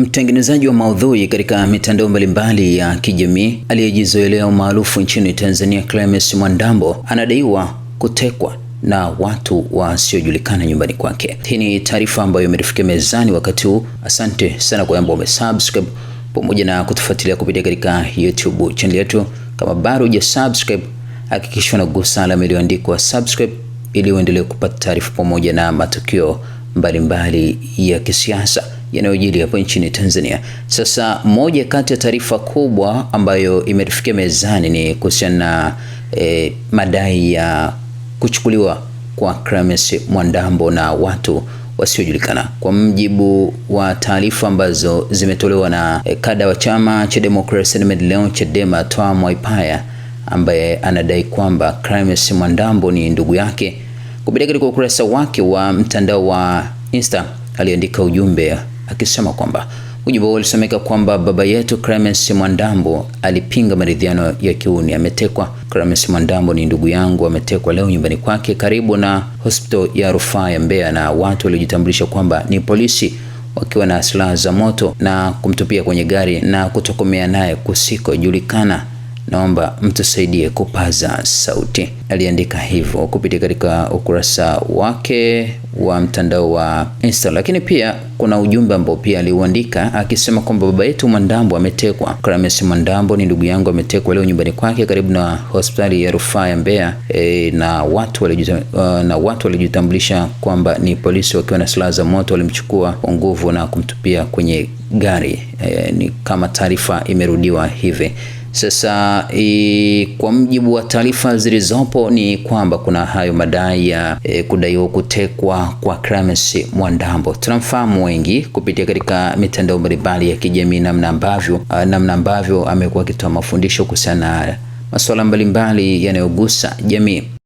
Mtengenezaji wa maudhui katika mitandao mbalimbali ya kijamii aliyejizoelea umaarufu nchini Tanzania, Clemence Mwandambo anadaiwa kutekwa na watu wasiojulikana nyumbani kwake. Hii ni taarifa ambayo imetufikia mezani wakati huu. Asante sana kwa ambao umesubscribe pamoja na kutufuatilia kupitia katika YouTube channel yetu. Kama bado hujasubscribe, hakikisha unagusa alama iliyoandikwa subscribe ili uendelee kupata taarifa pamoja na matukio mbalimbali mbali ya kisiasa yanayojiri hapo nchini Tanzania. Sasa moja kati ya taarifa kubwa ambayo imetufikia mezani ni kuhusiana na eh, madai ya kuchukuliwa kwa Clemence Mwandambo na watu wasiojulikana. Kwa mjibu wa taarifa ambazo zimetolewa na eh, kada wa chama cha Demokrasia na Maendeleo Chadema, Twaha Mwaipaya ambaye anadai kwamba Clemence Mwandambo ni ndugu yake. Kupitia katika ukurasa wake wa mtandao wa Insta aliandika ujumbe akisema kwamba ujumbe huo ulisomeka kwamba baba yetu Clemence Mwandambo alipinga maridhiano ya kiuni, ametekwa. Clemence Mwandambo ni ndugu yangu, ametekwa leo nyumbani kwake karibu na hospital ya rufaa ya Mbeya na watu waliojitambulisha kwamba ni polisi wakiwa na silaha za moto na kumtupia kwenye gari na kutokomea naye kusikojulikana naomba mtusaidie kupaza sauti. Aliandika hivyo kupitia katika ukurasa wake wa mtandao wa Insta, lakini pia kuna ujumbe ambao pia aliuandika akisema kwamba baba yetu Mwandambo ametekwa. Clemence Mwandambo ni ndugu yangu, ametekwa leo nyumbani kwake karibu na hospitali ya rufaa ya Mbeya e, na watu e, walijitambulisha uh, kwamba ni polisi wakiwa na silaha za moto walimchukua kwa nguvu na kumtupia kwenye gari e, ni kama taarifa imerudiwa hivi. Sasa e, kwa mjibu wa taarifa zilizopo ni kwamba kuna hayo madai ya e, kudaiwa kutekwa kwa Clemence Mwandambo. Tunamfahamu wengi kupitia katika mitandao mbalimbali ya kijamii, namna ambavyo namna ambavyo amekuwa akitoa mafundisho kuhusiana na masuala mbalimbali yanayogusa jamii.